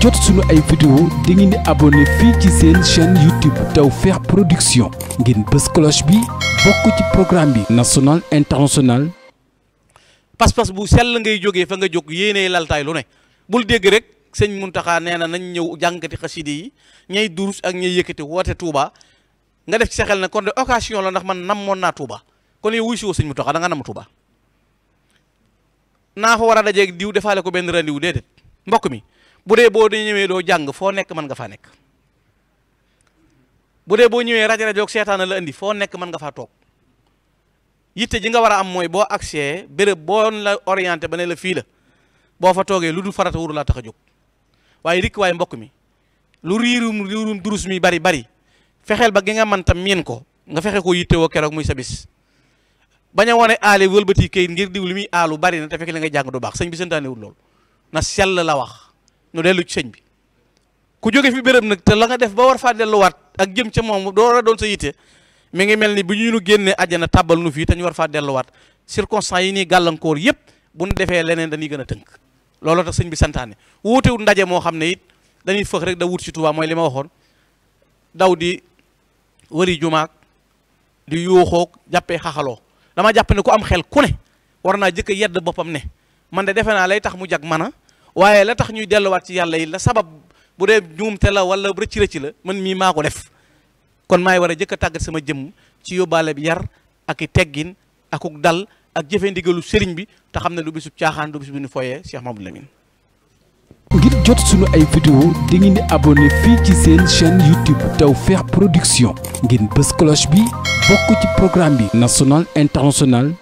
jot suñu ay vidéo da ngeen di abonné fii ci seen chaîne YouTube Tawfekh Production ngeen bës cloche bi bokk ci programme bi national international pas-pas bu sell ngay jógee fa nga jóg yéenee laltaay lu ne bul dégg rek sëñ Muntaxa nee na nañ ñëw jàngati xaside yi ñay durus ak ñay yëkkati woote tuuba nga def ci sa xel ne kon de occasion la ndax man namoon naa Touba kon yow wuy si woo sëñ Muntaxa da nga nam Touba naa fa war a dajeeg diw defaale ko benn rendiw déedéet mbokk mi bu dee boo ñëwee doo jàng foo nekk mën nga faa nekk bu dee boo ñëwee rajo rajo seetaan la indi foo nekk mën nga faa toog yitte ji nga war a am mooy boo accès bërëb boo la orienté ba ne la fii la boo fa toogee lu dul farata wuru laa tax a jóg waaye rikk waaye mbokk mi lu riirum riirum durus mi bari bari fexeel ba gi nga man tam miin ko nga fexe ko yitte woo keroog muy sa bis bañ a wane aale wëlbati kayit ngir diw li muy aalu bari na te fekk li nga jàng baax sëñ bi santaanewul lool na sell la wax nu dellu ci sëñ bi ku jóge fi béréb nag te la nga def ba war faa delluwaat ak jëm ca moom doo war doon sa yitte mi ngi mel ni bu ñu nu génnee àjjana tàbbal nu fii te war war faa delluwaat circonstance yi nii gàllankoor yëpp bu nu defee leneen dañuy gën a tënk looloo tax sëñ bi santaane wuutewul ndaje moo xam ne it dañuy fëx rek da wut si Tuubaa mooy lima ma waxoon daw di wëri jumaak di yuuxoog jàppee xaxaloo dama jàpp ne ku am xel ku ne war naa jëkk yedd boppam ne man de defe naa lay tax mu jag man a waaye la tax ñuy delluwaat ci yàlla yi la sabab bu dee juumte la wala rëcc rëcc la man mii maa ko def kon maay war a jëkk a sama jëmm ci yóbbaale bi yar ak i teggin akuk dal ak jëfe ndigalu sëriñ bi te xam ne du bisub caaxaan du bisub bu ñu fooyee Cheikh Mamadou Lamine ngir jot suñu ay vidéo di ngeen di abonné fii ci seen chaîne YouTube Tawfekh Production ngir bës cloche bi bokk ci programme bi national international